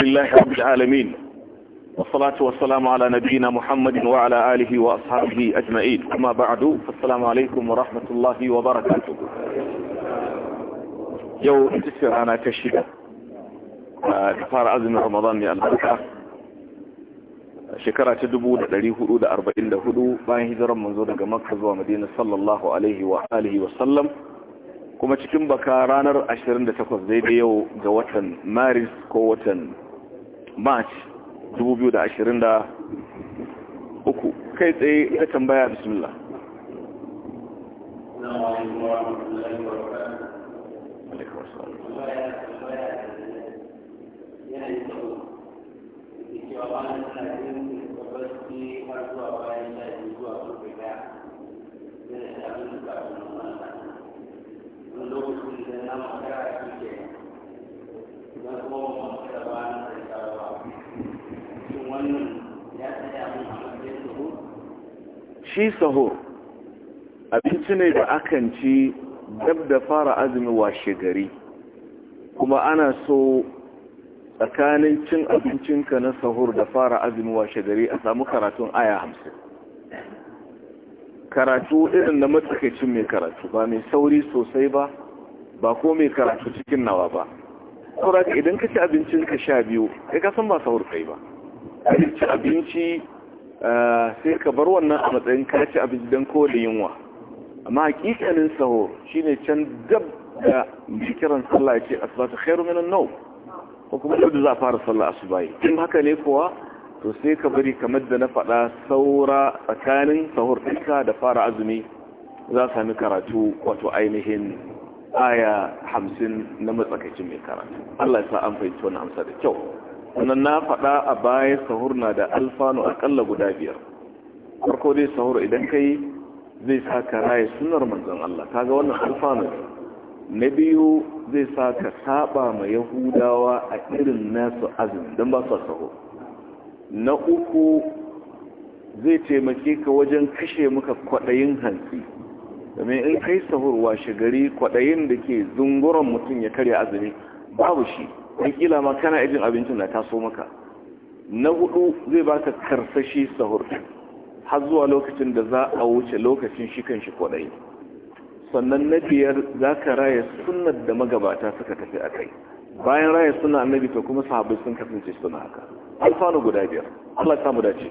لله رب العالمين والصلاة والسلام على نبينا محمد وعلى آله وأصحابه أجمعين أما بعد فالسلام عليكم ورحمة الله وبركاته يو تسير أنا كشفة كفار أزم رمضان يا البركة shekara ta dubu da da da hudu arba'in hudu bayan hijirar manzo daga makka zuwa madina sallallahu alaihi wa alihi wa sallam kuma cikin baka ranar 28 daidai yau ga watan maris ko watan march 2023 kai tsaye ta tambaya bismillah shi sahur abinci ne da akan ci dab da fara azumin washe gari kuma ana so tsakanin cin abincinka na sahur da fara azumin washe gari a samu karatun aya hamsin karatu irin na matsakaicin mai karatu ba mai sauri sosai ba ba ko mai karatu cikin nawa ba saboda idan ka ci abincin ka sha biyu kai ka ba sahur kai ba ci abinci eh, sai ka bar wannan a matsayin ka ci abinci don ko da yunwa amma hakikanin sahur shine can dab da kiran sallah ce sabata khairu minan nau ko kuma da za a fara sallah a bayi in haka ne kuwa to sai ka bari kamar da na faɗa saura tsakanin sahur ɗinka da fara azumi za sami karatu wato ainihin aya hamsin na matsakaicin mai karatu Allah ya sa an fahimci wani amsa da kyau wannan na faɗa a baya sahur na da alfanu akalla guda biyar farko dai sahur idan kai zai sa ka raye sunar manzon Allah kaga wannan alfanu na biyu zai sa ka saba ma yahudawa a irin nasu azumi don ba su sahur na uku zai taimake ka wajen kashe muka kwaɗayin hantsi domin in kai sahurwa shigari kwaɗayin da ke zunguran mutum ya karya azumi babu shi kila ma kana ajin abincin na taso maka na hudu zai baka karsashi sahur har zuwa lokacin da za a wuce lokacin shi kan shi kwaɗayi sannan na biyar za ka raya sunar da magabata suka tafi a kai bayan raya suna annabi to kuma sahabbai sun kasance suna haka alfanu guda biyar Allah samu dace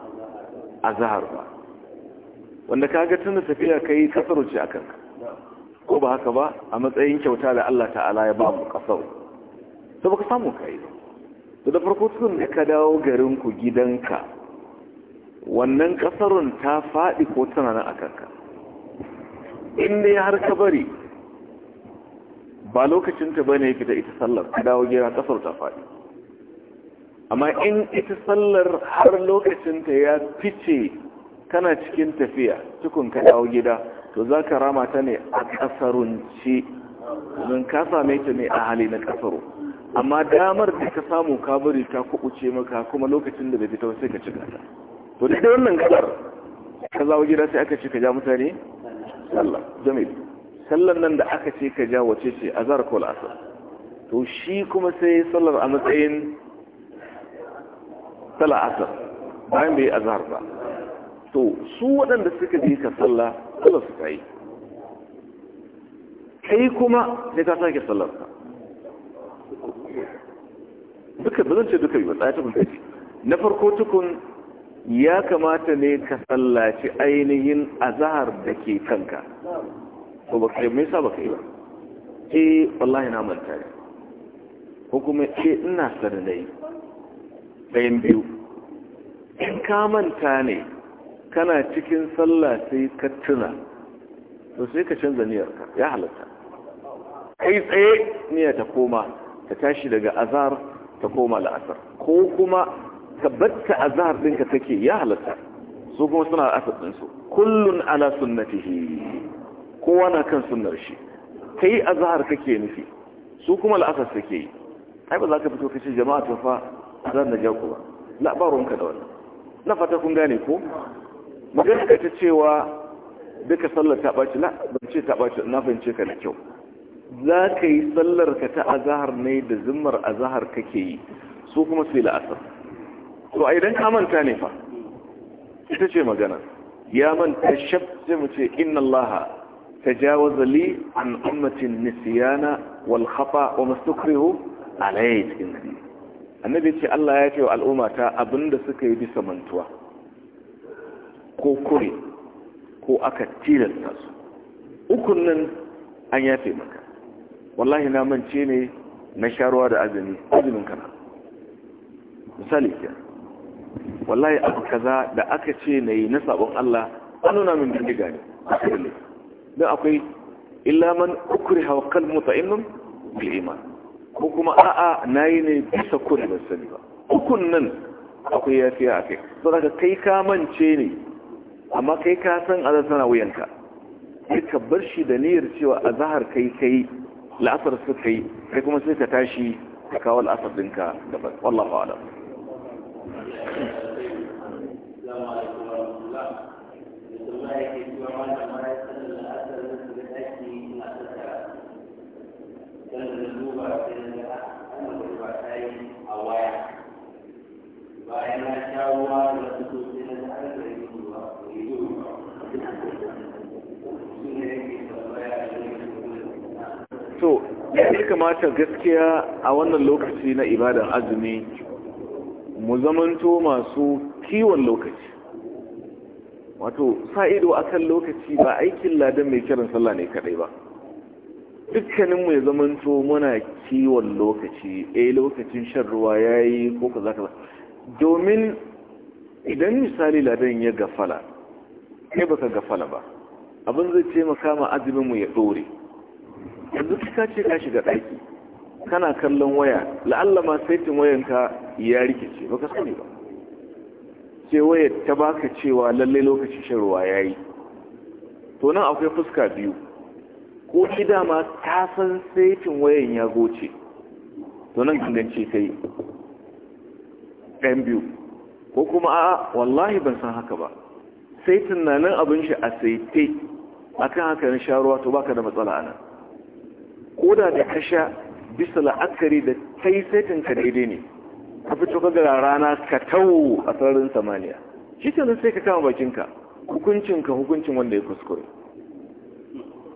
azhar ba wanda kaga tun tafiya kai kasaru ce akan ko ba haka ba a matsayin kyauta da Allah ta'ala ya ba mu kasau to baka samu kai yi. da farko tun da ka dawo garin ku gidanka wannan kasarun ta faɗi ko tana nan akan ka in dai har ka bari ba lokacin ta bane fita ita sallar ka dawo gida kasar ta faɗi. amma in ita sallar har lokacinta ya fice kana cikin tafiya tukun ka dawo gida to za ka rama ta ne a ƙasarunci zan ka same ta ne a hali na ƙasaro amma damar da ka samu kaburi ta kuɓuce maka kuma lokacin da bai fita sai ka cika ta to da wannan kasar ka zawo gida sai aka ce ka ja mutane sallah jamil sallan nan da aka ce ka ja wace ce azar ko la'asar to shi kuma sai sallar a matsayin ta la'asar bayan bai azhar ba to su waɗanda suka je ka sallah sallar su kai kai kuma sai ka sake sallar ka duka ba zan ce duka yi ba tsaye ta mutaci na farko tukun ya kamata ne ka sallaci ainihin azahar da ke kanka ko ba kai mai sa kai ba eh wallahi na manta ne ko kuma ce eh, ina dai. ɗayan biyu in ka manta ne kana cikin sallah sai ka tuna to sai ka canza niyarka. ya halatta kai tsaye niyya ta koma ta tashi daga azar ta koma la'asar ko kuma ka batta azar ɗinka take ya halatta su kuma suna la'asar ɗinsu kullun ala sunnatihi kowa na kan sunnar shi kai azhar kake nufi su kuma la'asar suke yi ai ba za ka fito kace jama'a ta fa zan na ja ku ba labarunka da wani na fata kun gane ko magana ta cewa duka sallar ta ɓaci na ban ce ta ɓaci na fahimce ka da kyau za ka yi sallar ka ta azahar ne da zimmar azahar kake yi su kuma sai la'asar to a idan ka manta ne fa ita ce magana ya manta shaf sai mu ce inna allaha تجاوز لي عن أمة النسيان والخطأ وما استكره عليه annabi ce Allah ya ce wa al'umma ta abinda suka yi bisa mantuwa ko kure ko aka tilasta su ukun nan an yafe maka wallahi na mance ne na sharuwa da azumi azumin kana misali ke wallahi abu kaza da aka ce na yi na sabon Allah an nuna min bindiga ne don akwai illa man ukriha wa qalbu mu'minun bil iman ko kuma a'a na yi ne bisa kuri na sani ba ukun nan akwai ya fiye a kai so daga kai ka mance ne amma kai ka san azar tana wuyanka ka bar shi da niyyar cewa a zahar kai kai la'asar su kai kai kuma sai ka tashi ka kawo la'asar ɗinka da ba wallafa Thank ya kamata gaskiya a wannan lokaci na ibadan azumi mu zamanto masu kiwon lokaci wato sa'ido a kan lokaci ba aikin ladan mai kiran sallah ne kadai ba dukkaninmu ya zamanto muna kiwon lokaci a eh, lokacin shan ruwa ya yi ko za ka domin idan misali ladan ya gafala ba baka gafala ba abin zai ce makama mu ya ɗore yanzu ka ce ka shiga ɗaki kana kallon waya la'alla ma saitin wayanka ya rikice baka sani ba ce waya ta baka cewa lalle lokacin shan ruwa yi. to nan akwai fuska biyu ko ki dama ta san saitin wayan ya goce to nan gangance yi. ɗan biyu ko kuma a wallahi ban san haka ba saitin na nan abin shi a saite akan haka na sha ruwa to baka da matsala nan. koda da ka sha bisa la'akari da kai saitin ka daidai ne ka fito ka ga rana ka tau a sararin samaniya shi nan sai ka kama bakinka hukuncin ka hukuncin wanda ya kuskure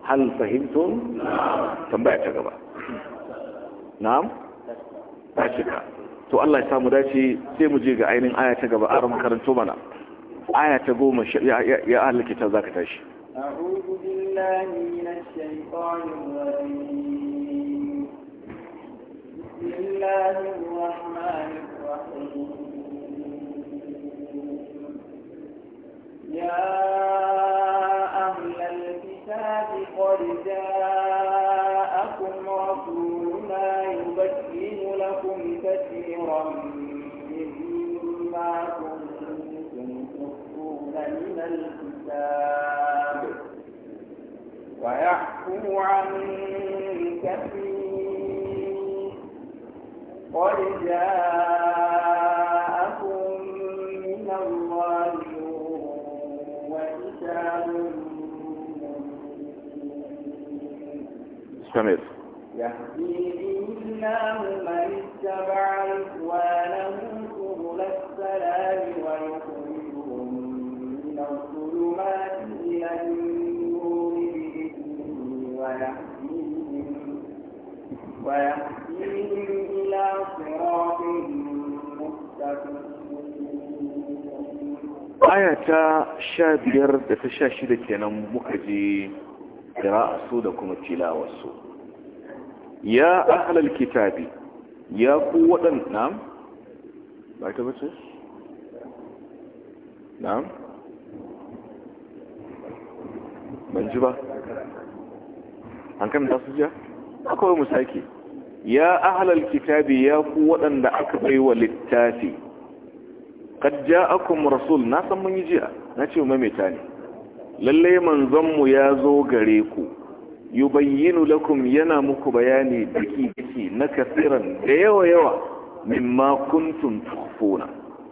hal fahimtum tambaya ta gaba na'am ta cika to Allah ya samu dace sai mu je ga ainihin aya ta gaba a karanto mana aya ta goma ya ahalaki za zaka tashi أعوذ بالله من الشيطان الرجيم بسم الله الرحمن الرحيم يا أهل الكتاب قد جاءكم رسولنا يبين لكم كثيرا كنتم من الكتاب عن كثير قد جاءكم من الله وكتاب مستمر يهدي به الله من اتبع رضوانه سبل السلام ويخرجهم من الظلمات إلى النور بإذنه ويهديهم aya ta sha biyar da ta sha shida kenan muka je kira a su da kuma tilawarsu ya ahalar kitabi ya ku waɗanda ba ta bace? na'am ban ji ba an kan da su ja akwai musaki ya ahlal kitabi ya ku waɗanda aka bai wa littafi kad ja'akum rasul na san mun yi jiya na ce maimaita ne lalle manzon mu ya zo gare ku yubayyinu lakum yana muku bayani daki daki na kasiran da yawa yawa mimma kuntum tukhfuna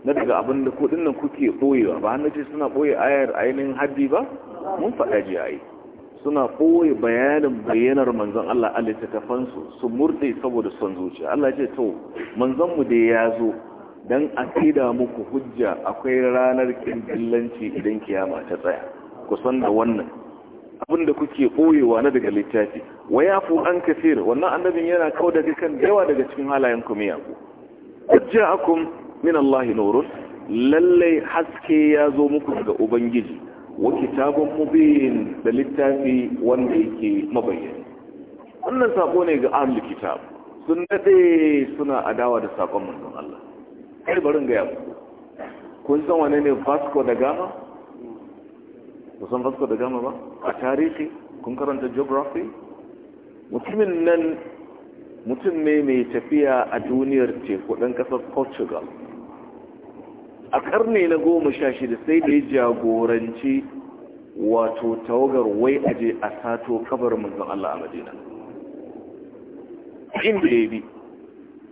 na daga abin da kudin nan kuke boyewa ba na ce suna boye ayar ainihin haddi ba mun faɗa jiya ayi. suna ɓoye bayanin bayyanar manzon Allah a littattafansu su murɗe saboda son zuciya Allah ce to manzonmu da ya zo don a tsida muku hujja akwai ranar ƙirƙillanci idan kiyama ta tsaya ku san da wannan abin kuke ɓoyewa na daga littafi wa ya fu an kafir wannan annabin yana kawo daga kan yawa daga cikin halayen ku miya ku akum min Allah nurun lallai haske ya zo muku daga ubangiji wa kitabun mubin da littafi wanda yake mabayyani wannan sako ne ga ahlul kitab sun dade suna adawa da sakon manzon Allah kai barin ga yau kun san wane ne Vasco da Gama kun san Vasco da Gama ba a tarihi kun karanta geography mutumin nan mutum ne mai tafiya a duniyar teku ɗan ƙasar Portugal a karni na goma sha shida sai da ya jagoranci wato tawagar wai aje a sato kabarin manzon Allah a Madina inda ya bi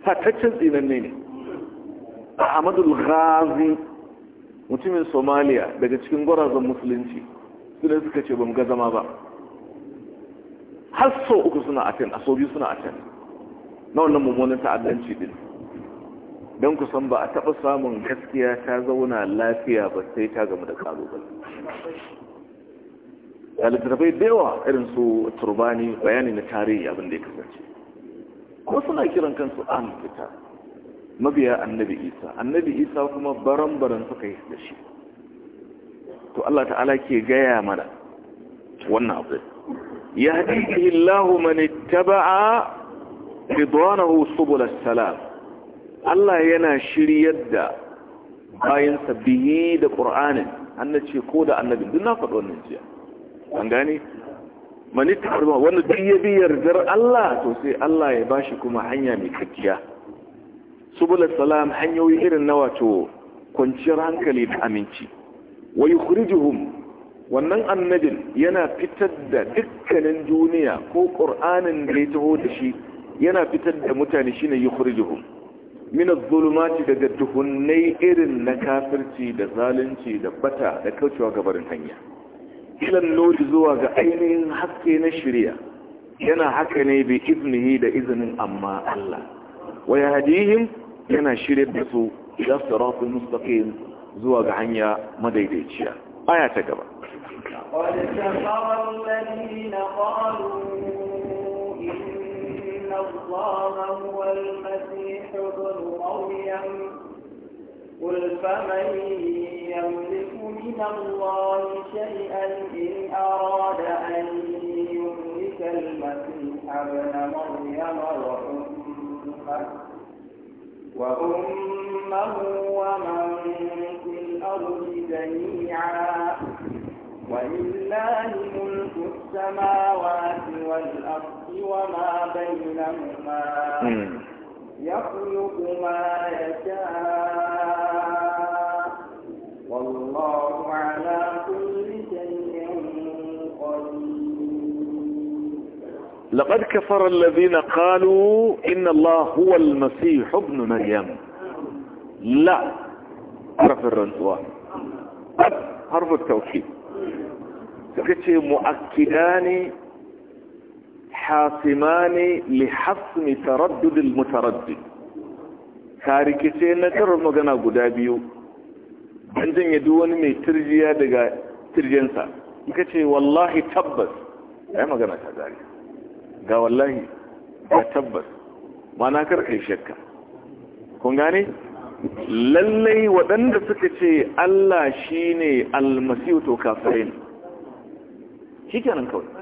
fataccen tsinanne ne Ahmadul Ghazi mutumin Somalia daga cikin gwarazan musulunci suna suka ce ba ga zama ba har sau uku suna a can, a sau biyu suna can na wannan mummunan ta'addanci din don ku san ba a taɓa samun gaskiya ta zauna lafiya ba sai ta gamu da ƙalubale a littattafai da yawa irin su turbani bayani na tarihi abin da ya kasance ko suna kiran kansu an fita mabiya annabi isa annabi isa kuma baran-baran suka yi da shi to Allah ta'ala ke gaya mana wannan abu ya haɗi illahu mani taba'a ridwanahu subul salam Allah yana shiryar da bayan sabbihi da ƙur'anin ce ko da annabin duk na faɗo wannan jiya an gane mani tarma wanda duk ya bi yardar Allah to sai Allah ya bashi kuma hanya mai kakkiya subul salam hanyoyi irin na wato kwanciyar hankali da aminci wai yukhrijuhum wannan annabin yana fitar da dukkanin duniya ko ƙur'anin da ya taho da shi yana fitar da mutane shine yukhrijuhum minas zulumaci daga duhunnai irin na kafirci da zalunci da bata da kaucewa gabarin hanya ilan nodi zuwa ga ainihin haske na shirya yana haka ne bai iznihi da izinin amma Allah Waya yahdihim yana shirya da su ila siratal mustaqim zuwa ga hanya madaidaiciya aya ta gaba قد قل فمن يملك من الله شيئا إن أراد أن يملك المسيح ابن مريم وأمه وأمه ومن في الأرض جميعا ولله ملك السماوات والأرض وما بينهما يخلق ما يشاء والله على كل شيء قدير لقد كفر الذين قالوا إن الله هو المسيح ابن مريم لا حرف الرنسوة حرف التوكيد تكتشي مؤكدان hasimani li hasmi taraddudil mutaraddid ka rikice na karo magana guda biyu an janye duk wani mai turjiya daga turjensa ka ce wallahi tabbas ya magana ta gari ga wallahi ga tabbas mana karkai shakka kun gane lallai waɗanda suka ce Allah shi ne almasiyu to kafirin shi kenan kawai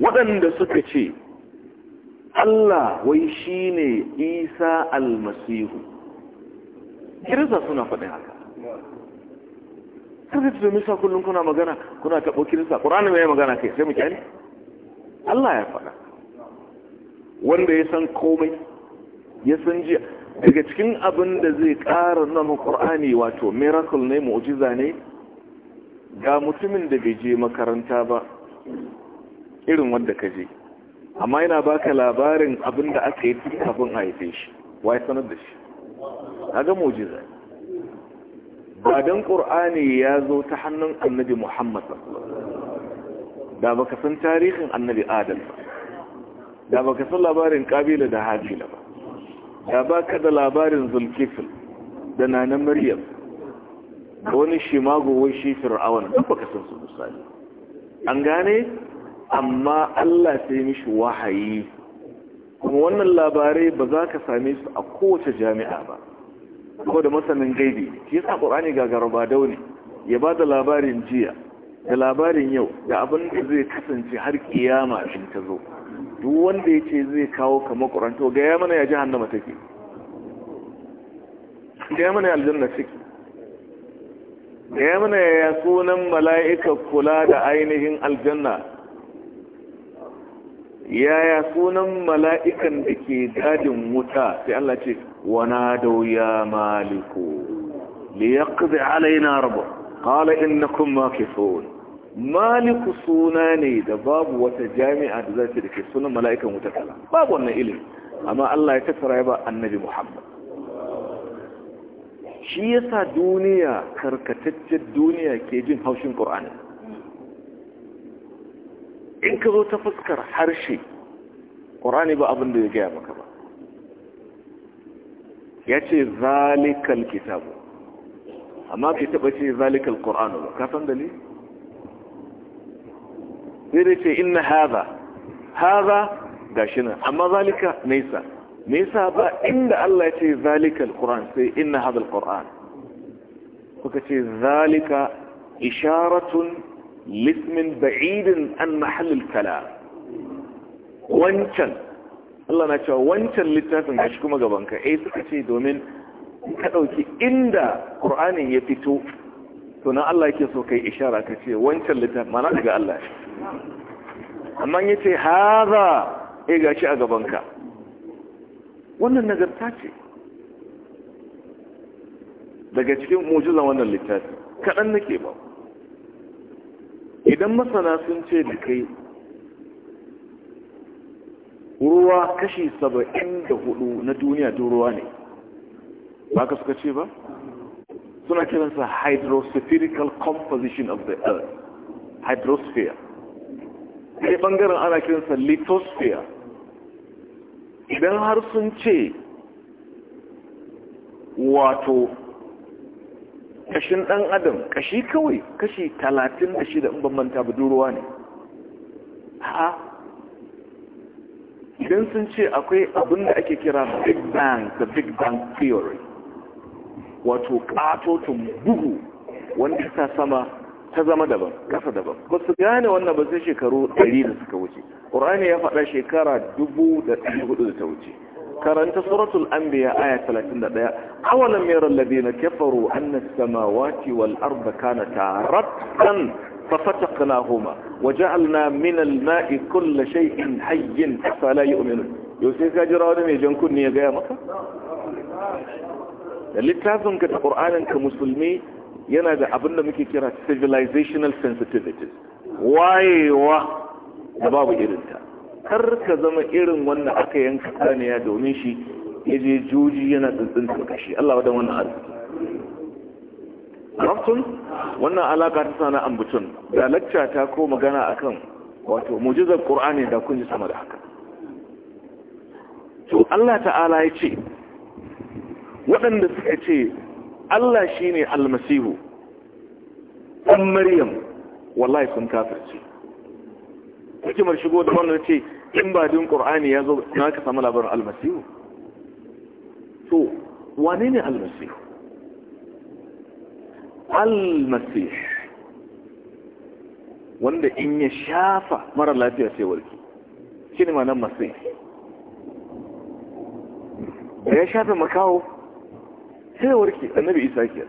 waɗanda suka ce Allah wai shi ne isa almasihu kirista suna faɗin haka kirista domin sa kullum kuna magana kuna taɓo kirista ƙuranin mai magana kai sai muke kyani Allah ya faɗa wanda ya san komai ya san jiya daga cikin abin da zai ƙara nan ƙur'ani wato miracle ne mu'jiza ne ga mutumin da bai je makaranta ba irin wanda ka je amma yana baka labarin abin da aka yi duk abin haife shi wai sanar da shi kaga mu'jiza ba dan qur'ani ya zo ta hannun annabi Muhammad da baka san tarihin annabi Adam da baka san labarin kabila da hafila ba da baka da labarin zulkifil da nanan maryam da wani shimago wai shi duk baka san su misali an gane amma Allah sai mishi wahayi kuma wannan labarai ba za ka same su a kowace jami'a ba ko da masanin gaibi shi yasa qur'ani gagara ba daune ya ba da labarin jiya da labarin yau da abin da zai kasance har kiyama in ta zo duk wanda ya ce zai kawo kamar to ga ya mana ya jahannama take ga ya mana ya aljanna take ga ya mana ya sunan mala'ika kula da ainihin aljanna yaya sunan mala'ikan da ke dadin wuta sai Allah ce wana da wuya maliku li yaqdi alaina rabu qala innakum makithun maliku suna ne da babu wata jami'a da zai da ke sunan mala'ikan wuta kala babu wannan ilimi amma Allah ya tafara ba annabi Muhammad shi yasa duniya karkataccen duniya ke jin haushin Qur'ani in ka zo ta fuskar harshe ƙorani ba abin da ya gaya maka ba ya ce zalikal kitabu amma bai taɓa ce zalikal ƙorani ba kafin dali zai da ce ina haza haza ga shi nan amma zalika nesa nesa ba inda Allah ya ce zalikal ƙorani sai ina hazal ƙorani kuka ce zalika isharatun lismin ba'idin an mahallin kala wancan Allah na cewa wancan littafin gashi kuma gabanka eh suka ce domin ka ɗauki inda ƙur'anin ya fito to na Allah yake so kai ishara ka ce wancan littafin mana daga Allah amma ya ce haza eh gashi a gabanka wannan nagarta ce daga cikin mujizan wannan littafi kaɗan nake ba idan masana sun ce da kai ruwa kashi saba'in da hudu na duniya duk ruwa ne ba ka suka ce ba suna kiransa hydrospherical composition of the earth hydrosphere sai bangaren ana kiransa lithosphere idan har sun ce wato kashin ɗan adam kashi kawai kashi talatin da shida in manta budurwa ne ha idan sun ce akwai abin da ake kira big bang the big bang theory wato katotun bugu wanda ta sama ta zama daban kasa daban ba su gane wannan ba sai shekaru 100 da suka wuce ƙurani ya faɗa shekara 1400 da ta wuce karanta suratul anbiya aya 31 awalam yara alladhina kafaru anna as-samawati wal arda kanata rattan fafataqnahuma waja'alna min al-ma'i kull shay'in hayyin fala yu'minun yau ka jira wani mai jankun ne ya gaya maka littafin ka ta qur'anin ka musulmi yana da abin da muke kira civilizational sensitivities wayewa da babu irinta kar ka zama irin wanda aka yanka saniya domin shi ya je juji yana ta kashi Allah wadan wannan arziki rafton wannan alaka ta sana butun da lacca ta ko magana akan wato mujizar Qur'ani da kun ji sama da haka to Allah ta'ala ya ce waɗanda suka ce Allah shi ne almasihu ɗan Maryam wallahi sun kafirce hikimar shigo da wannan ce in ba din qur'ani ya zo na ka samu labarin almasihu so wane ne almasihu almasih wanda in ya shafa mara lafiya sai warki shi ne manan masih da ya shafa makawo sai warki annabi isa ke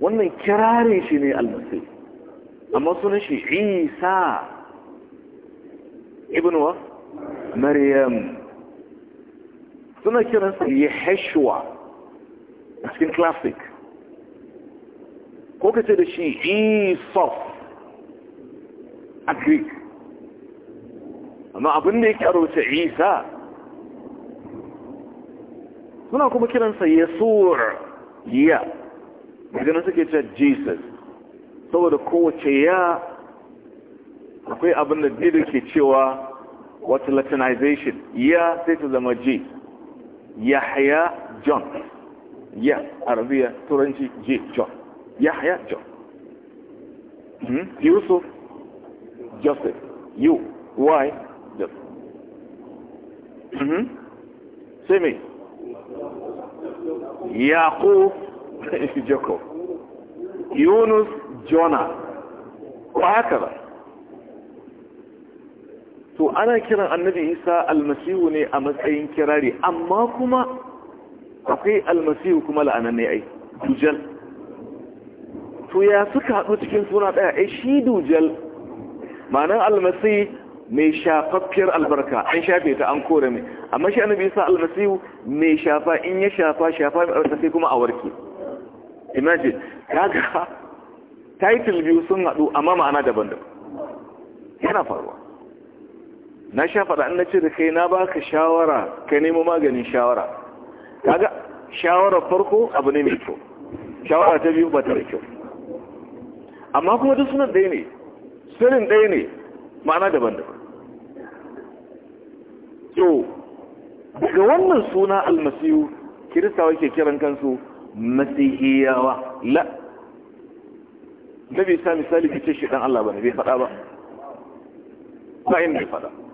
wannan kirarin shi ne almasih amma sunan shi isa ibn wa maryam suna kiransa yahshua a cikin classic ko kace da shi isof a greek amma abin da yake a rubuta isa suna kuma kiransa yasur ya daga nan suke ce jesus saboda kowace ya akwai abin da jido ke cewa wata latinization ya sai ta zama j yahya john ya arabiya turanci j john yahya john hmm? yusuf joseph yu why joseph hmm? sai mai yaqub yunus jona ba haka ba to ana kiran annabi isa almasihu ne a matsayin kirari amma kuma akwai almasihu kuma la'ananne ai dujal to ya suka haɗu cikin suna ɗaya ai eh, shi dujal ma'anar almasi mai shafaffiyar albarka an shafe ta an kore mai amma shi annabi isa almasihu mai shafa in ya shafa shafa mai albarka sai kuma a warke imagine kaga title biyu sun haɗu amma ma'ana daban-daban yana faruwa na sha faɗa an na ce da kai na baka shawara ka nemo maganin shawara kaga shawara farko abu ne mai kyau shawara ta biyu ba ta da kyau amma kuma duk sunan ɗaya ne sirrin ɗaya ne ma'ana daban-daban so daga wannan suna almasihu kiristawa ke kiran kansu masihiyawa la nabi sa misali ce shi dan Allah ba ne bai faɗa ba ba inda bai faɗa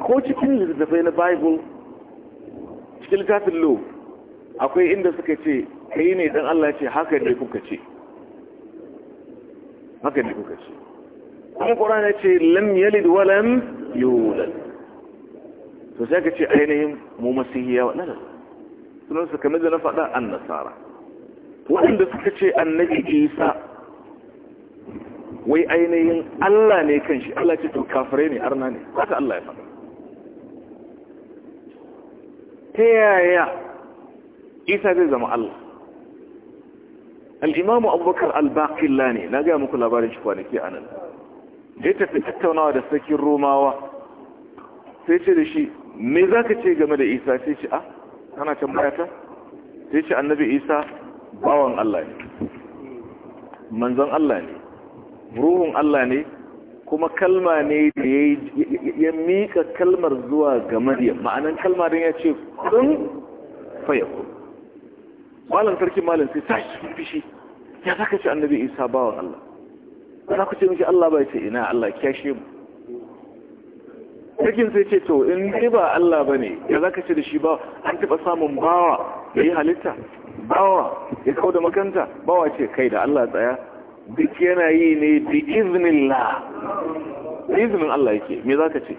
ko cikin littattafai na bible cikin littafin lo akwai inda suka ce kai yi ne dan Allah ce haka ne kuka ce haka ne kuka ce kuma ƙoran ya ce lam yalid lam yulad to sai ka ce ainihin mu masihiya wa nan sunan su kamar da na faɗa annasara nasara waɗanda suka ce annabi isa wai ainihin Allah ne kanshi Allah ce to kafirai ne arna ne haka Allah ya faɗa ta yaya isa zai zama Allah al'imamu abubakar al ne na gaya muku labarin shi kwanaki a nan da ya tafi tattaunawa da sakin romawa sai ce da shi me za ka ce game da isa sai ce a ah, kana can bayata sai ce annabi isa bawan Allah ne manzan Allah ne ruhun Allah ne kuma kalma ne da ya mika kalmar zuwa ga maryam ma'anan kalma don ya ce kudin fayakun malam sarki malam sai tashi fishi ya za ka ce annabi isa bawan allah za ku ce miki allah bai ce ina allah kyashe mu sarkin sai ce to in ne ba allah ba ne ya za ka ce da shi ba an taɓa samun bawa ya yi halitta bawa ya kawo da makanta bawa ce kai da allah tsaya duk yana yi ne bi iznillah izinin Allah yake me zaka ce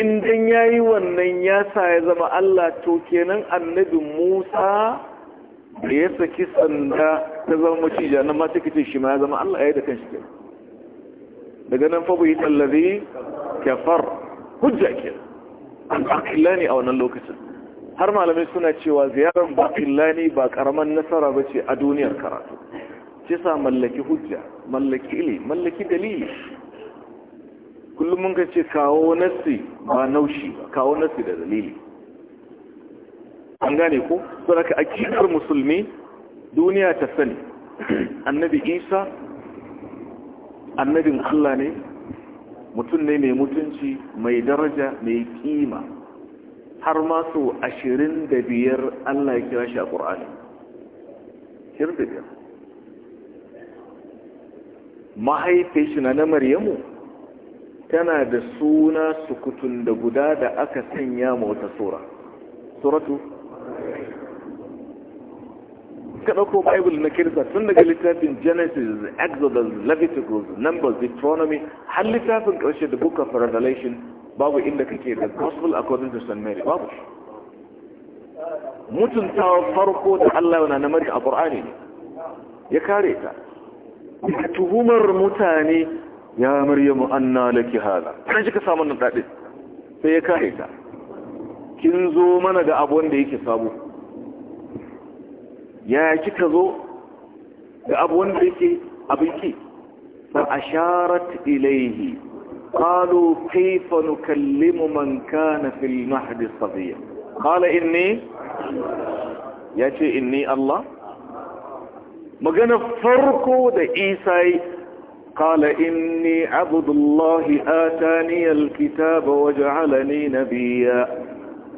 in dan yayi wannan ya sa ya zama Allah to kenan annabi Musa da ya saki sanda ta zama macija nan ma take ce shi ma ya zama Allah ya yi da kanshi ke daga nan fa bai tallazi kafar hujja ke an akilani a wannan lokacin har malamai suna cewa ziyarar bakillani ba karaman nasara ba ce a duniyar karatu shi mallaki hujja mallaki ili mallaki dalili kullum mun ce kawo nassi ba naushi kawo nassi da dalili an gane ko ka akidar musulmi duniya ta sani annabi isa annabin allah ne mutum ne mai mutunci mai daraja mai kima har masu ashirin da biyar allah ya kira shi a ƙur'ani 25 mahaifin na maryamu tana da suna sukutun da guda da aka sanya ma wata sura suratu ka ɗauko bible na kirista tun daga littafin genesis exodus leviticus numbers deuteronomy har littafin ƙarshe da book of revelation babu inda kake da gospel according to st mary babu mutuntawa farko da allah yana na mari a ƙur'ani ne ya kare ta daga tuhumar mutane ya maryamu mu'anna laki hala kan shi ka samu nan daɗe sai ya kare ta kin zo mana ga abu wanda yake sabo ya ka zo Ga abu wanda yake abin ki fa asharat ilayhi قالوا كيف نكلم من كان في المهد صبيا inni. Ya ce inni Allah. magana farko da isa yi kala inni abudullahi ataniyar kitaba waj'alani nabiya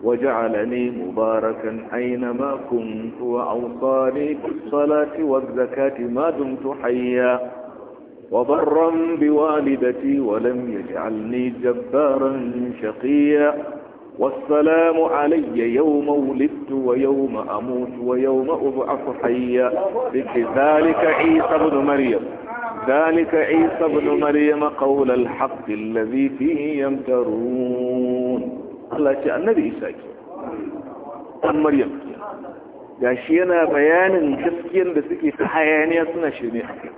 waj'alani mubarakan aina ma kuntu wa awsani bisalati wazakati ma dumtu hayya وبرا بوالدتي ولم يجعلني جبارا شقيا والسلام علي يوم ولدت ويوم أموت ويوم أبعث حيا ذلك عيسى بن مريم ذلك عيسى بن مريم قول الحق الذي فيه يمترون الله شاء النبي عيسى عن مريم يا شينا بيان كسكين بسكي حياني أسنى شيني حكي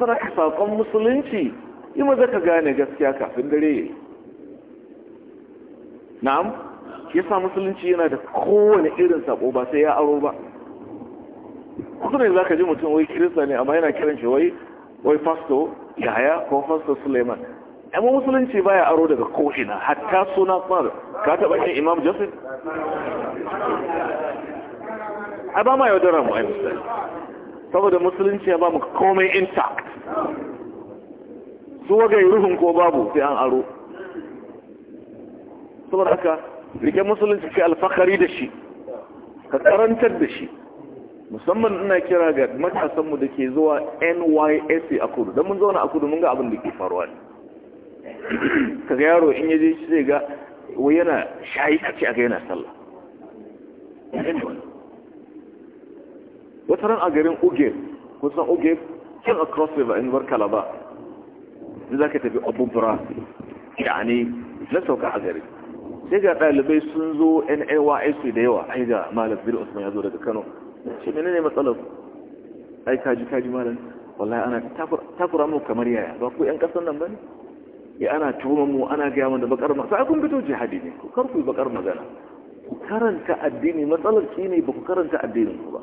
فرح فاقم مسلمتي يما ذكا قاني قسكيا كافن دليل na'am shi yasa musulunci yana da kowane irin sabo ba sai ya aro ba kusa ne ka ji mutum wai kirista ne amma yana kiran shi wai wai fasto yahaya ko fasto suleiman amma musulunci baya aro daga kohina hatta suna tsar ka taɓa yin imam jasir a ba ma yaudara mu ainihin sai saboda musulunci ya ba mu komai intact su ga yi ruhun ko babu sai an aro saboda haka rike musulunci ke alfakari da shi ka karantar da shi musamman ina kira ga matasanmu da ke zuwa nysa a kudu don mun zauna a kudu mun ga abin da ke faruwa ne ka ga yaro in yaje shi zai ga wai yana shayi a a ga yana sallah wata ran a garin uge kusan uge kin across river in bar kalaba za ka tafi abubuwa ne na sauka a garin Daga dalibai sun zo NAYS da yawa ai ga malam Zira Usman ya zo daga Kano shi menene matsalar ai kaji kaji malam wallahi ana takura mu kamar yaya ba ku ƴan ƙasar nan bane ya eh, ana tuhuma mu ana gaya mana da bakar ma sai kun fito jihadi ne ku kar ku bakar magana ku karanta addini matsalar shi ne ba ku karanta addinin ku ba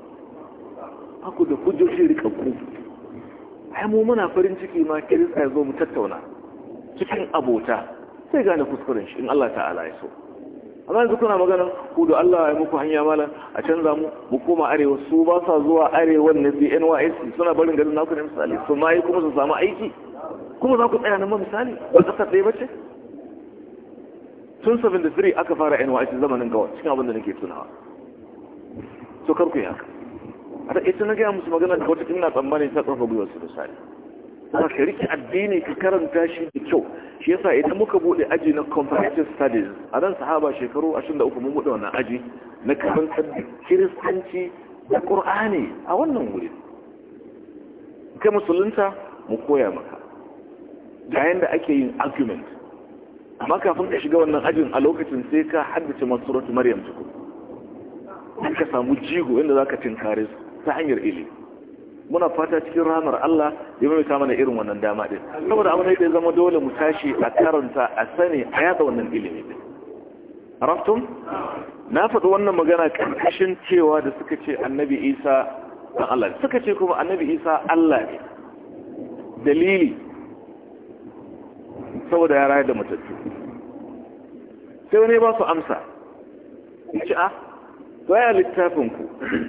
haku da hujjoji rikakku ai mu muna farin ciki ma kirista ya zo mu tattauna cikin abota sai gane kuskuren shi in Allah ta'ala ya so amma yanzu kuna magana ku da Allah ya muku hanya mana a canza mu mu koma arewa su ba sa zuwa arewan ne su nys suna barin garin naku ne misali su ma yi kuma su samu aiki kuma za ku tsaya nan ma misali ba kasar ɗaya bace tun 73 aka fara nys zamanin gawa cikin abin da nake tunawa so karku yi haka a ta ita na gaya musu magana da wata ina tsammanin ta ƙarfa gwiwar su misali za ka riƙe addini ka karanta shi da kyau shi yasa idan muka buɗe aji na comparative studies a nan sahaba shekaru 23 mun bude wannan aji na karantar da kiristanci da ƙur'ani a wannan wuri kai musulunta mu koya maka ga yanda ake yin argument amma kafin ka shiga wannan ajin a lokacin sai ka haddace masu maryam tukun ka samu jigo inda zaka tinkare su ta hanyar ilimi muna fata cikin ranar Allah ya mai kama na irin wannan dama din saboda abu ne da zama dole mu tashi a karanta a sani a yada wannan ilimi din na faɗi wannan magana karkashin cewa da suka ce annabi isa dan Allah suka ce kuma annabi isa Allah ne dalili saboda ya rayu da matattu sai wani ba su amsa ya ce ah baya littafin ku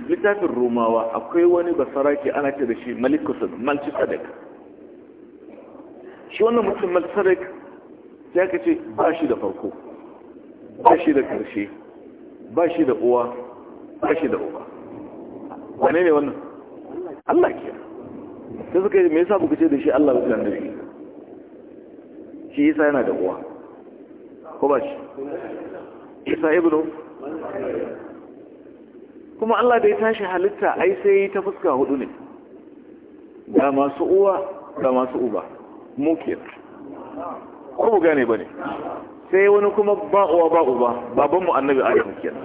littafin romawa akwai wani basaraki ana ce da shi malikusud malchisadek shi wannan mutum malchisadek ya ka ce ba shi da farko ba shi da karshe ba shi da uwa ba shi da uba wane ne wannan allah ke ta suka yi mai sabu ce da shi allah wajen da shi shi isa yana da uwa ko ba shi isa ibnu kuma Allah da ya tashi halitta ai sai ta fuska hudu ne ga masu uwa ga masu uba muke ko mu gane bane sai wani kuma ba uwa ba uba baban mu annabi yau kenan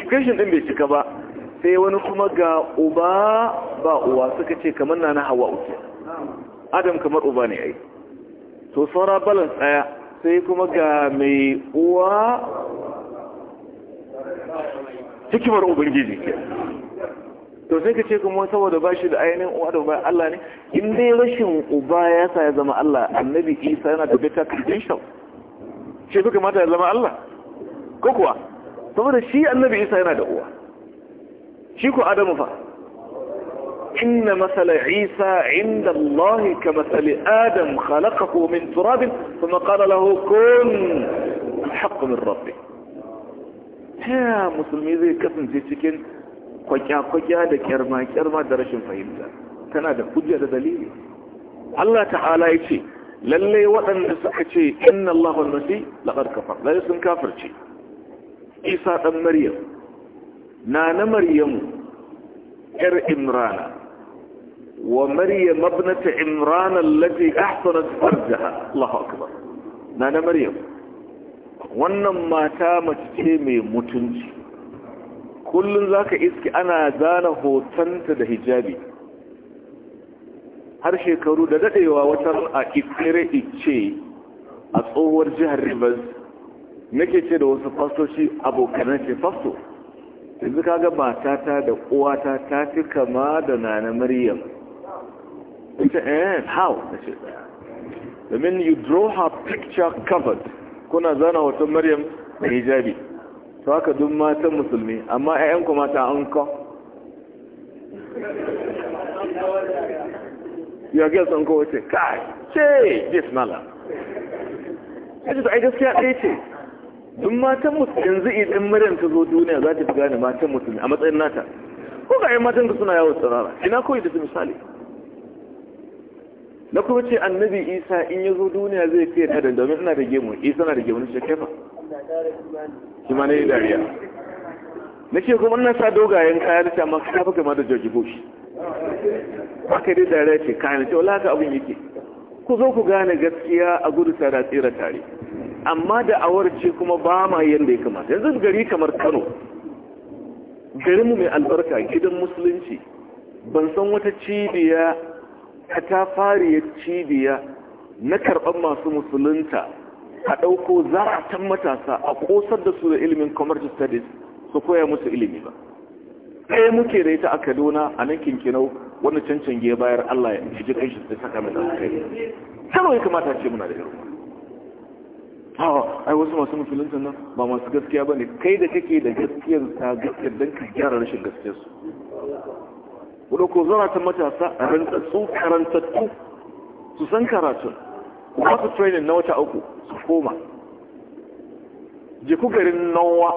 education din bai cika ba sai wani kuma ga uba ba uwa suka ce kamar na na hawa uke Adam kamar uba ne ai to saura balance daya sai kuma ga mai uwa hikimar ubangiji to sai ka ce kuma saboda ba shi da ainihin uwa da uba Allah ne in dai rashin uba ya sa ya zama Allah annabi Isa yana da better credential shi fi mata ya zama Allah ko kuwa saboda shi annabi Isa yana da uwa shi ko Adamu fa inna masala Isa inda Allah ka masali Adam khalaqahu min turabin kuma qala lahu kun الحق من ربك ta yaya musulmi zai kasance cikin kwakya-kwakya da kyarma-kyarma da rashin fahimta tana da hujja da dalili Allah ta'ala ya ce lalle waɗanda suka ce inna Allah wal masi laqad kafar lalle sun kafirce Isa dan Maryam na na Maryamu ƴar Imrana wa Maryam ibnat Imran allati ahsanat farjaha Allahu akbar na na Maryamu wannan mata mace ce mai mutunci kullum za ka iske ana zana hotonta da hijabi har shekaru da daɗewa watan a ikere ice a tsohuwar jihar rivers nake ce da wasu fastoci abokanan ce fasto yanzu kaga matata da uwata ta fi kama da nana maryam ita eh how domin you draw her picture covered kuna zana hoton maryam da hijabi to haka duk matan musulmi amma 'ya'yanku mata an ka ya ga san ko wace kai ce mala ya ce ai gaskiya ɗaya ce duk matan musulmi yanzu idan maryam ta zo duniya za ta fi gane matan musulmi a matsayin nata ko ga 'yan matan ka suna yawon tsarara ina koyi da misali na kuma ce annabi isa in ya zo duniya zai fiye ta da ina da gemu isa na da gemu ne ce kefa shi ma ne dariya na ce kuma na sa dogayen kaya da ta maka kafa kama da george bush aka dai dariya ce kayan ce wala ka abin yake ku zo ku gane gaskiya a gudu tare tsira tare amma da awar ce kuma ba ma yadda ya kamata yanzu gari kamar kano garinmu mai albarka gidan musulunci ban san wata cibiya ta katafariyar cibiya na karɓar masu musulunta a ɗauko zaratan matasa a ƙosar da su da ilimin commercial studies su koya musu ilimi ba ɗaya muke da ita a kaduna a nan kinkinau wanda cancan ya bayar allah ya ji kan shi da saka mata kai tano ya kamata ce muna da yau ai wasu masu musulunta nan ba masu gaskiya ba ne kai da kake da gaskiyar ta gaskiyar don ka gyara rashin su. wadda ko ta matasa a rantsatsu karantattu su san karatun kuma su training na wata uku su koma je ku garin nawa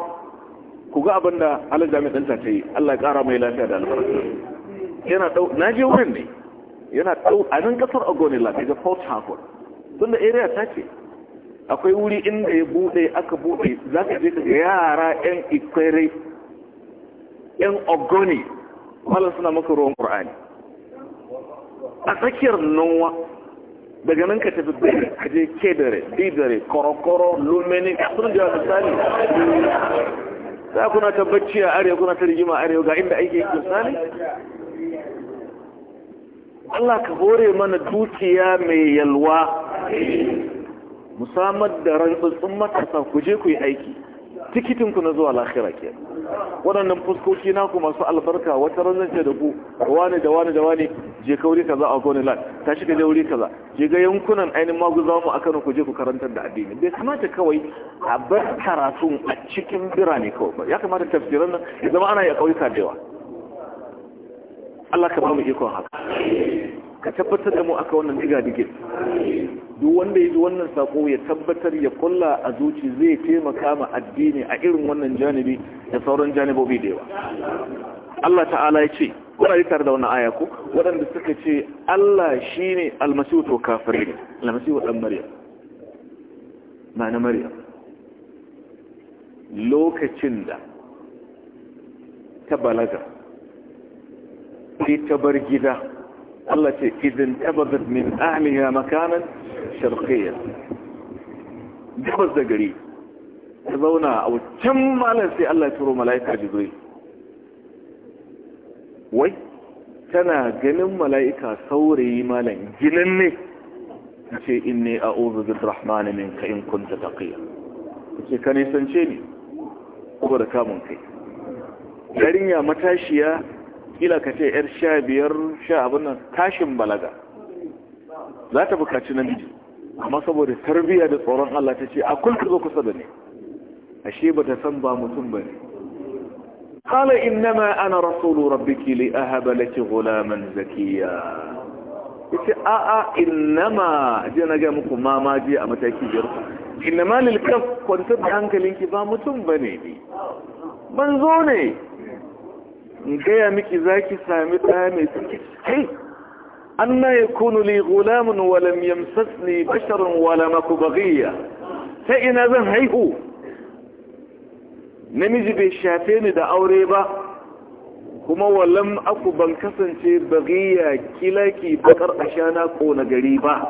ku ga abin da alajami ɗanta ta yi allah ya ƙara mai lafiya da albarka yana ɗau na je wurin ne yana ɗau a nan ƙasar agonila daga port harcourt tun da area ta ce akwai wuri inda ya buɗe aka buɗe za ka je ka yara 'yan ikwere 'yan ogoni malam suna maka ruwan ƙur'ani a tsakiyar nowa daga nan ka tafi bai kaje ke kedare didare korokoro lumeni sun jawa misali za kuna ta a arewa kuna ta rigima arewa ga inda ake yake misali Allah ka hore mana dukiya mai yalwa musamman da rantsatsun matasa ku je ku yi aiki tikitinku na zuwa lahira ke waɗannan fuskoki ku masu albarka wata ranar ce da ku wani da wani da wani je ka wuri kaza a goni lan ta shiga da wuri kaza je ga yankunan ainihin za mu a kano ku je ku karantar da addini bai kamata kawai a bar karatun a cikin birane kawai ba ya kamata tafsiran nan ya zama ana yi a ƙauyuka da yawa Allah ka ba mu ikon haka ka tabbatar da mu aka wannan diga digin duk wanda ya ji wannan sako ya tabbatar ya kulla a zuci zai taimaka ma addini a irin wannan janibi da sauran janibobi da yawa Allah ta'ala ya ce kuna yi tare da wannan aya ko waɗanda suka ce Allah shi ne almasihu to kafiri ne almasihu ɗan maryam ma'ana maryam lokacin da ta balaga sai ta bar gida Allah ce izin tabbatar min ahliya makanan sharqiyya gabas da gari ta zauna a wancan malar sai Allah ya turo mala'ika jibril wai tana ganin mala'ika saurayi malam ginin ne ce inni a'udhu birrahmani minka in kunta taqiya ce ka nisance ni da kamun kai yarinya matashiya kila ka ce yar sha biyar sha abin nan tashin balaga za ta bukaci namiji amma saboda tarbiyya da tsoron Allah ta ce a kulka zo kusa da ni ashe ba ta san ba mutum ba ne قال إنما أنا رسول ربك لأهب laki غلاما zakiya. yace a'a innama je na ga muku mama je a mataki biyar innama lil kaf kwantar da hankalinki ba mutum bane ni ban zo ne in gaya miki zaki sami ɗaya mai tsaki kai أن يكون لي غلام ولم يمسسني بشر ولا مك بغية فإن ذهيه نمج بالشافين دا أوريبا هما ولم أكو بنكسن شي بغية كلاكي بكر أشانا كون قريبا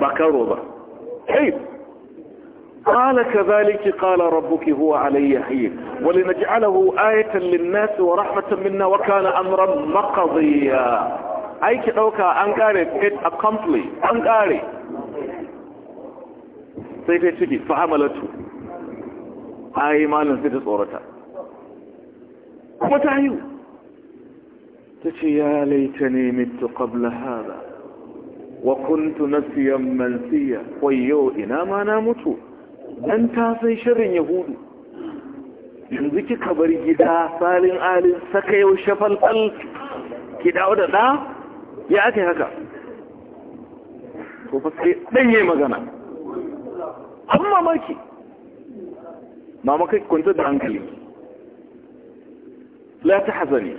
بكر ربا حيث قال كذلك قال ربك هو علي حين ولنجعله آية للناس ورحمة منا وكان أمرا مقضيا aiki ɗauka an ƙare it accompli an ƙare sai kai ciki fahimalatu a yi malin sai ta tsorata kuma ta yi ta ce ya laita ne mitu ƙabla hada wa kuntu nasiyan mansiya yau ina ma na mutu dan ta sai shirin yahudu yanzu kika bar gida salin alin saka yau shafalfal ki dawo da يا أخي هكا to faske ɗanye أما abin كي mamakai kwantar da hankali لا تحزني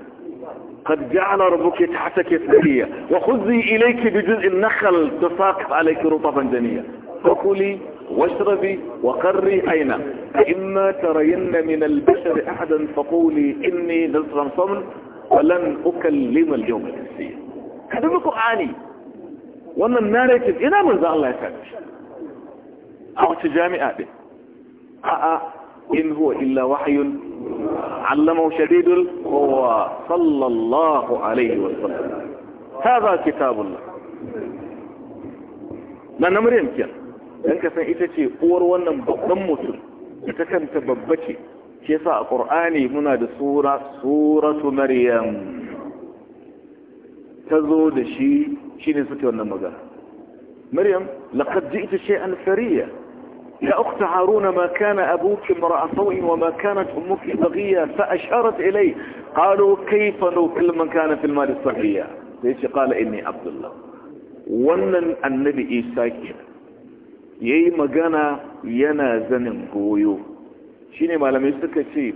قد جعل ربك تحتك سرية وخذي إليك بجزء النخل تساقط عليك رطبا جنيا فكلي واشربي وقري أين فإما ترين من البشر أحدا فقولي إني نزرا صمن ولن أكلم اليوم الإنسية ka dubi Qur'ani wannan narrative ina manzo Allah ya saka shi a wace jami'a din a'a in huwa illa wahyun allamahu shadidul quwa sallallahu alaihi wa wasallam hadha kitabullah nan Maryam kiyar dan ka san ita ce uwar wannan babban mutum ita kanta babba ce shi yasa a ƙur'ani muna da sura suratu Maryam تزو دشي شين سكي ونم مغار مريم لقد جئت شيئا ثريا يا أخت هارون ما كان أبوك امرأة سوء وما كانت أمك بغية فأشارت إليه قالوا كيف نوكل من كان في المال الصغير ليش قال إني عبد الله ون النبي إيسا يي مغانا ينا زنم قويو شيني ما لم يستكشف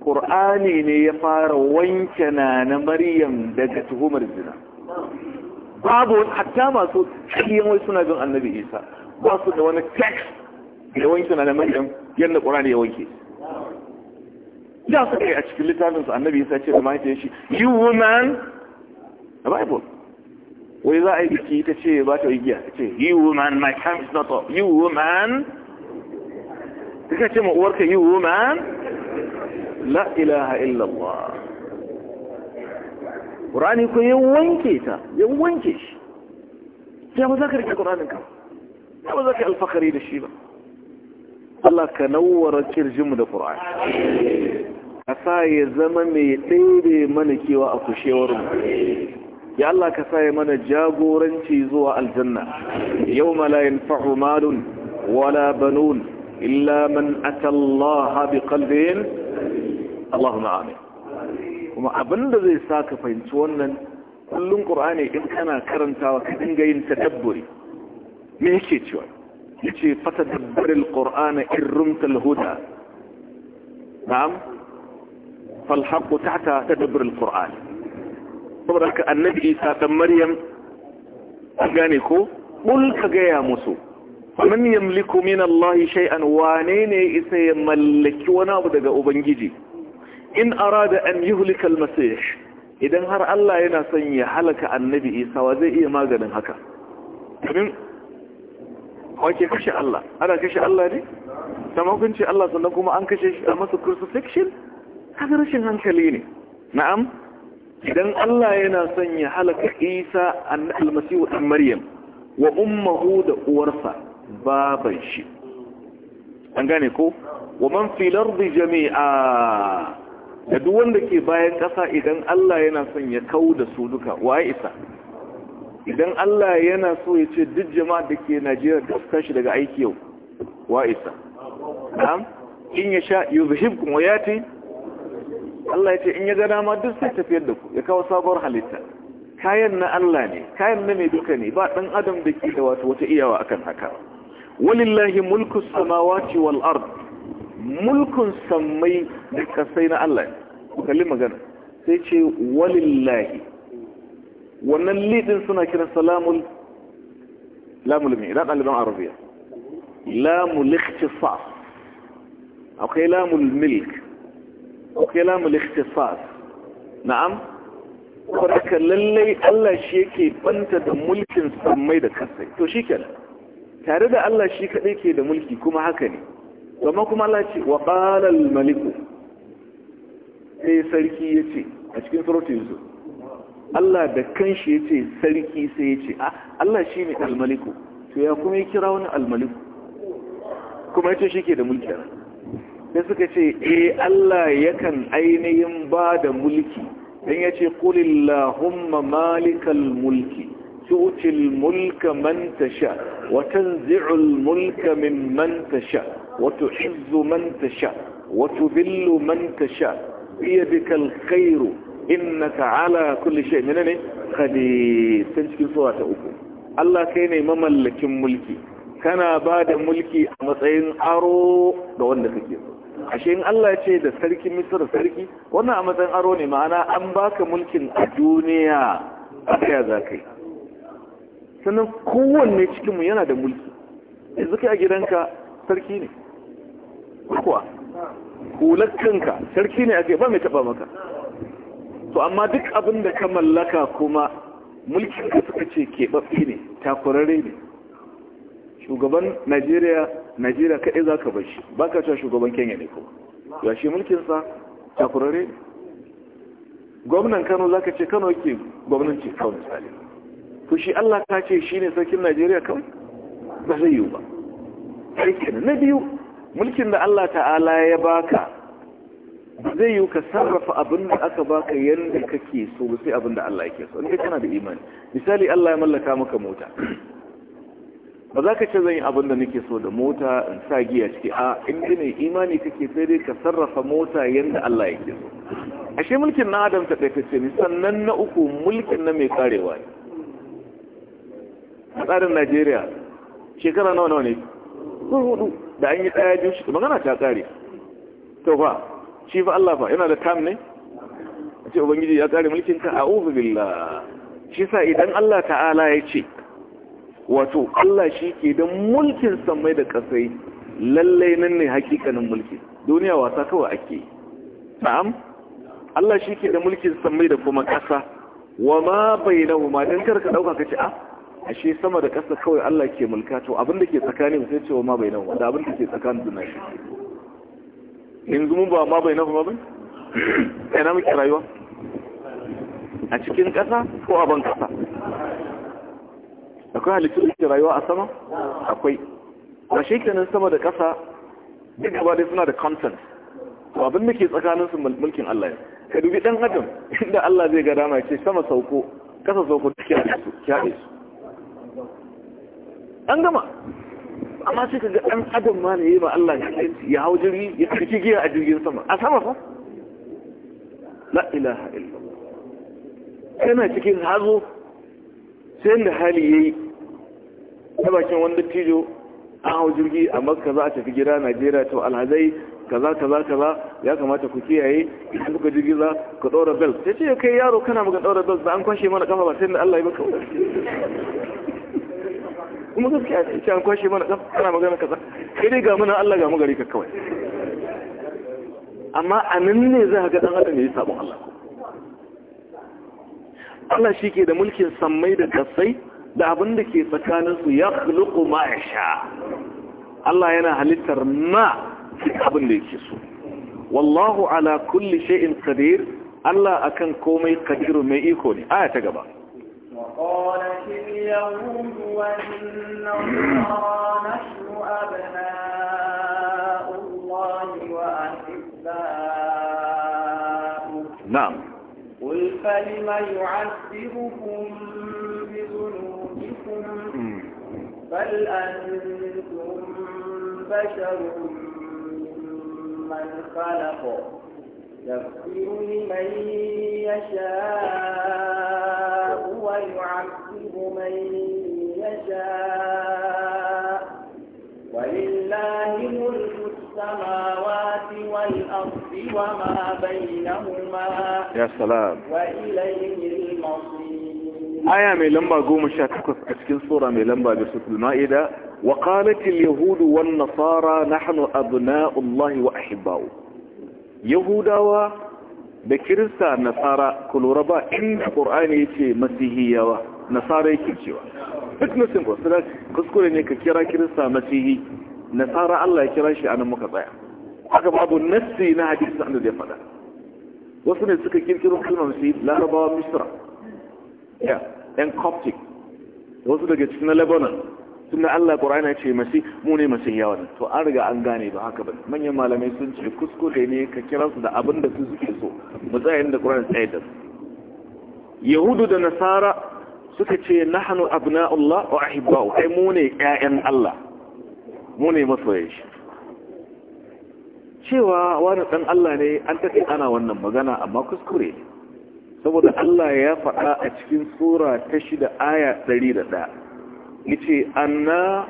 ƙur'ani ne ya fara wanke na na maryam daga tuhumar zina babu hatta masu cikin wai suna bin annabi isa ba su da wani text da wanke na na maryam yadda ƙur'ani ya wanke da su kai a cikin littafin su annabi isa ce da mahaifiyar shi you woman a bible wai za a yi biki ta ce ba ta igiya ta ce you woman my time is not up you woman ta ce ma uwarka you woman la ilaha illallah ƙurani ko yin wanke ta yin wanke shi ya ba za ka rike ƙuranin ka ya ba za ka yi alfakari da shi ba Allah ka nawara kirjinmu da ƙurani a sa ya zama mai ɗaiɗe mana kewa a kushewar mu. ya Allah ka sa ya mana jagoranci zuwa aljanna yau malayin fa'umalun wala banun illa man atallaha bi qalbin Allahu amin kuma abinda zai sa ka fahimci wannan kullum qur'ani in kana karantawa ka dinga yin tadabburi me yake cewa yace fatadabbar alqur'ana in rumta alhuda na'am fal haqqu tahta tadabbur alqur'an saboda ka annabi isa dan maryam gane ko kul ka gaya musu man yamliku min allahi shay'an wane ne isa ya mallaki wani abu daga ubangiji in arada an yuhlika al-masih idan har Allah yana son ya halaka annabi Isa wa zai iya maganin haka domin wace kashe Allah ana kashe Allah ne sama ce Allah sannan kuma an kashe shi a masa crucifixion haka rashin hankali ne na'am idan Allah yana son ya halaka Isa al-Masihu ɗan Maryam wa ummuhu da uwarsa baban shi an gane ko wa man fil ardi jami'a da duk wanda ke bayan ƙasa idan Allah yana son ya kawo da su duka wa isa idan Allah yana so ya ce duk jama'a da ke Najeriya da shi daga aiki yau wa isa am in ya sha yuzhibkum wa yati Allah ya ce in ya ga dama duk sai tafiyar da ku ya kawo sabuwar halitta kayan na Allah ne kayan na mai duka ne ba dan adam da ke da wata iyawa akan haka walillahi mulku samawati wal ardh mulkun sammai da kasai na Allah ku kalli magana sai ce walillahi wannan lidin suna kira salamul lamul mi idan ɗaliban arabiya lamul ikhtisas akwai lamul milk akwai lamul ikhtisas na'am kwanaka lallai Allah shi yake banta da mulkin sammai da kasai to shi kenan tare da Allah shi kaɗai ke da mulki kuma haka ne domin kuma Allah ce wa ƙalal maliku sai sarki ya ce a cikin sarauta yanzu Allah da kanshi ya ce sarki sai ya ce ah, Allah shi ne almaliku to ya kuma ya kira wani almaliku kuma ya ce shi ke da mulki sai suka ce eh Allah yakan ainihin ba da mulki don ya ce kulillahumma malikal mulki تؤتي الملك من تشاء وتنزع الملك من من تشاء وتعز من تشاء وتذل من تشاء بيدك الخير إنك على كل شيء من أنه خديث تنشكي الله كيني مملك ملكي kana ba da mulki a matsayin aro ga wanda kake so ashe in Allah ya ce da sarki misir sarki wannan a matsayin aro ne ma'ana an baka mulkin a duniya a za sannan kowanne cikinmu yana da mulki yanzu kai a gidanka sarki ne kuwa kulakkanka sarki ne aka yi ba mai taba maka to amma duk abin da ka mallaka kuma mulkinka suka ce keɓaɓɓe ne takurare ne shugaban najeriya najeriya kaɗai za ka bashi ba ka cewa shugaban kenya ne kuma ya shi mulkinsa takurare ne gwamnan kano za ka ce kano ke gwamnan ce kawai misali to shi Allah ta ce shi ne sarkin Najeriya kawai ba zai yiwu ba na biyu mulkin da Allah ta'ala ya baka zai yiwu ka sarrafa abin da aka baka yadda kake so sai abin da Allah yake so in kana da imani misali Allah ya mallaka maka mota ba za ka ce zan yi abin da nake so da mota in sa giya ciki a inda ne imani kake sai dai ka sarrafa mota yadda Allah yake so ashe mulkin na adam ta kai ce sannan na uku mulkin na mai karewa ne a tsarin najeriya shekara nawa nawa ne sun hudu da an yi ɗaya biyu shi magana ta tsari to fa shi fa Allah fa yana da tam ne a ce ubangiji ya tsari mulkin ka a'udhu billah shi sa idan Allah ta'ala ya ce wato Allah shi ke don mulkin samai da kasai lallai nan ne hakikanin mulki duniya wasa kawai ake na'am Allah shi ke da mulkin samai da kuma kasa wa ma bainahuma dan karka ka ce a ah, ashe sama da ƙasa kawai Allah ke mulka to abin da ke tsakanin sai cewa ma bai nawa da abin da ke tsakanin duna shi yanzu mun ba ma bai nawa ba bai na muke rayuwa a cikin ƙasa ko a ban ƙasa akwai halittu da ke rayuwa a sama akwai a shekarun sama da ƙasa duk gaba dai suna da content to abin da ke tsakanin su mulkin Allah ya? ka dubi ɗan adam inda Allah zai ga dama ce sama sauko ƙasa sauko duk ya su an gama amma sai ka ga ɗan adam ma ne yi ba Allah ya hau jirgi ya karki giya a jirgin sama a sama fa la ilaha illallah kana cikin hazo sai da hali yayi ta bakin wanda tijo an hau jirgi a makka za a tafi gida najeriya to alhazai kaza kaza kaza ya kamata ku kiyaye idan kuka girgiza ka ɗaura bel sai ce kai yaro kana maka ɗaura bel ba an kwashe mana kafa ba sai da Allah ya baka kuma gaskiya ne ce an kwashe mana kafa ana magana kaza sai dai ga muna Allah ga mu gari ka kawai amma a nan ne za ka ga dan adam ya sabon Allah Allah shi ke da mulkin sammai da kasai da abin da ke su ya khluqu ma sha Allah yana halittar ma abin da yake so wallahu ala kulli shay'in qadir Allah akan komai kadiru mai iko ne aya ta gaba قالت اليهود والنصارى نحن أبناء الله وأحباؤه نعم قل فلم يعذبكم بذنوبكم بل أنتم بشر ممن خلق يغفر لمن يشاء ويعذب من يشاء ولله ملك السماوات والأرض وما بينهما يا سلام وإليه المصير آية من لما قوم شاككس أشكل صورة من لما بسوط المائدة وقالت اليهود والنصارى نحن أبناء الله وأحباؤه yahudawa da kirista nasara ku in ba inda ƙur'ani ya ce masihiyawa nasara yake cewa duk mutum kuskure ne ka kira kirista masihi nasara allah ya kira shi a nan muka tsaya haka babu nassi na hadisi da zai faɗa wasu ne suka kirkiro sunan su larabawa misra ya yan coptic wasu daga cikin lebanon tun da Allah Qur'ani ce masi mu ne masin yawa to an riga an gane ba haka ba manyan malamai sun ce kuskure ne ka kira su da abin da su suke so mu tsaya inda Qur'ani tsaye da su. Yahudu da Nasara suka ce nahnu Allah wa ahibba'u ai mu ne ƴaƴan Allah mu ne masoyan shi cewa wani dan Allah ne an tafi ana wannan magana amma kuskure ne saboda Allah ya faɗa a cikin sura ta shida aya ɗari da ɗaya yace anna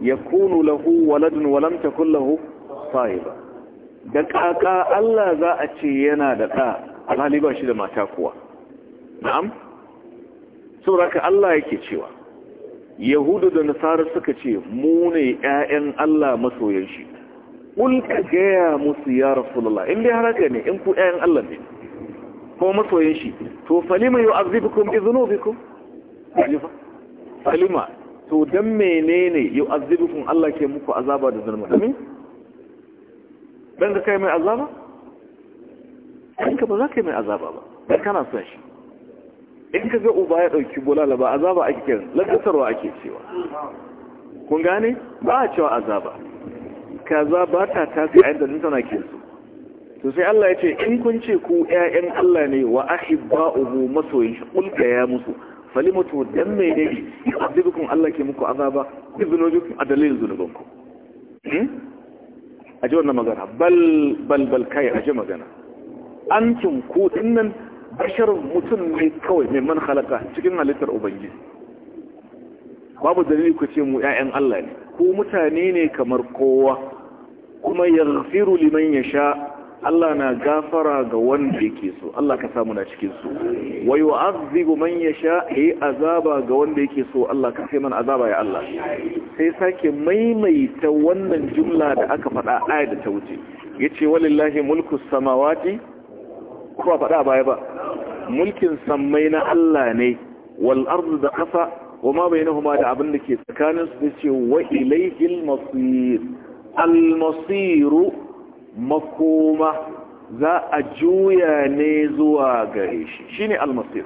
yakunu lahu waladun wa lam lahu sahiba da kaka Allah za a ce yana da da alhali ba shi da mata kuwa na'am saboda Allah yake cewa yahudu da nasara suka ce mu ne ƴaƴan Allah masoyan shi kul ka gaya musu ya rasulullah in dai haraka ne in ku ƴaƴan Allah ne ko masoyan shi to falima yu'azibukum bi dhunubikum kalima to dan menene yu'azzibukum Allah ke muku azaba da zulmi amin dan ka kai mai azaba in ka ba za ka yi mai azaba ba dan kana son shi in ka ga uba ya dauki bulala ba azaba ake kiran lakkatarwa ake cewa kun gane ba a cewa azaba kaza ba ta tafi a yadda tana ke su to sai Allah ya ce in kun ce ku ƴaƴan Allah ne wa ahibba'uhu masoyin shi kulka ya musu falimatu dan mai ne azabukun Allah ke muku azaba izunujukum a dalilin zunubanku hmm? a ji wannan magana bal bal bal kai a ji magana an cin ku dinnan bashar mutum ne kawai mai man halaka cikin halittar ubangiji babu dalili ku ce mu ƴaƴan Allah ne ku mutane ne kamar kowa kuma yaghfiru liman yasha Allah na gafara ga wanda yake so Allah ka samu na cikin su wa yu'azzibu man yasha hi azaba ga wanda yake so Allah ka sai mana azaba ya Allah sai sake maimaita wannan jumla da aka faɗa aya da ta wuce yace walillahi mulku samawati ko faɗa baya ba mulkin sammai na Allah ne wal ardu da kafa wa bainahuma da abin da ke tsakanin su yace wa ilayhil masir al masiru makoma za a juya ne zuwa gare shi shi ne almasir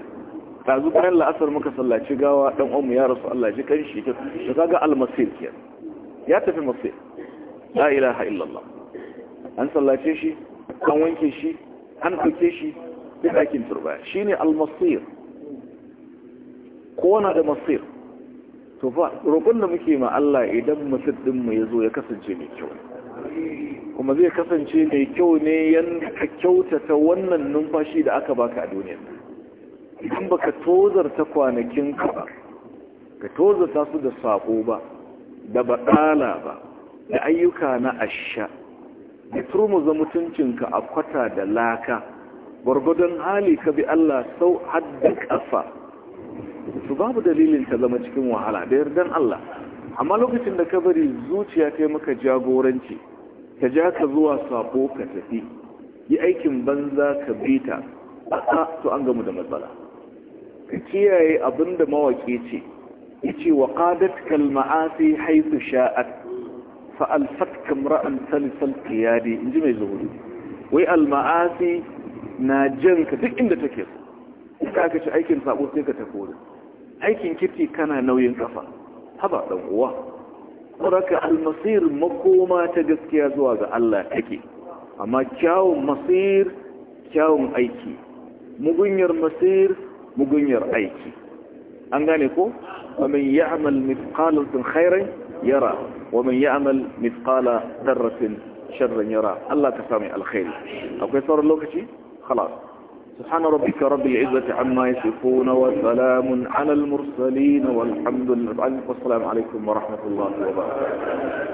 ta zukayen la'asar muka sallaci gawa ɗan omu ya rasu Allah ji kan shi ta kaga almasir kiyar ya tafi masir la ilaha illallah an sallace shi an wanke shi an ɗauke shi duk aikin turba shi ne almasir kowane da masir to fa roƙon da muke ma Allah idan masir ɗinmu ya zo ya kasance mai kyau kuma zai kasance mai kyau ne yadda ka kyautata wannan numfashi da aka baka a duniya idan baka tozarta kwanakin ka ba ka tozarta su da sako ba da baƙala ba da ayyuka na asha da turmuza mutuncinka a kwata da laka gwargwadon hali ka bi Allah sau hadda ƙafa su babu dalilin ta zama cikin wahala da yardan Allah amma lokacin da kabari zuciya ta maka jagoranci ta ja ka zuwa sako ka tafi yi aikin banza ka bita a to an gamu da matsala ka kiyaye abin da mawaƙi ce ya ce wa ƙadat kalma'asi haifu sha'ad fa'alfat kamra'an salisal kiyadi in ji mai zuhudu wai alma'asi na jan ka duk inda take su ka aka ci aikin sabo sai ka tafi wurin aikin kirki kana nauyin kafa haba ɗan uwa saboda almasir makoma ta gaskiya zuwa ga Allah take amma kyawun masir kyawun aiki mugunyar masir mugunyar aiki an gane ko ومن يعمل مثقال خيرا يرى ومن يعمل مثقال ذرة شرا يرى الله كسامي الخير أو akwai صار lokaci خلاص سبحان ربك رب العزة عما يصفون وسلام على المرسلين والحمد لله والسلام عليكم ورحمة الله وبركاته